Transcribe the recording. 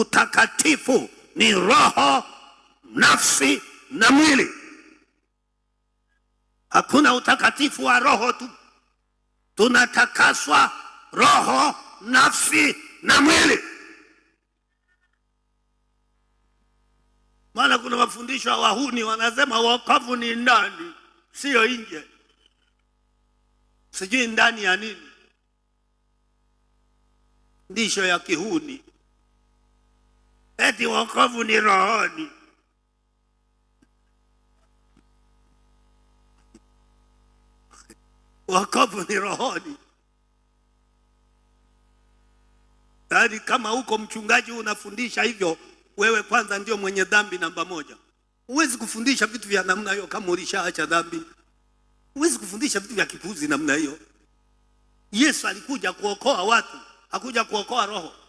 utakatifu ni roho, nafsi na mwili. Hakuna utakatifu wa roho tu, tunatakaswa roho, nafsi na mwili. Maana kuna mafundisho ya wahuni wanasema wokovu ni ndani, siyo nje, sijui ndani ya nini, ndisho ya kihuni ati wokovu ni rohoni. Wokovu ni rohoni, yaani kama huko mchungaji unafundisha hivyo, wewe kwanza ndio mwenye dhambi namba moja. Huwezi kufundisha vitu vya namna hiyo kama ulishaacha dhambi. Huwezi kufundisha vitu vya kipuzi namna hiyo. Yesu alikuja kuokoa watu, hakuja kuokoa roho.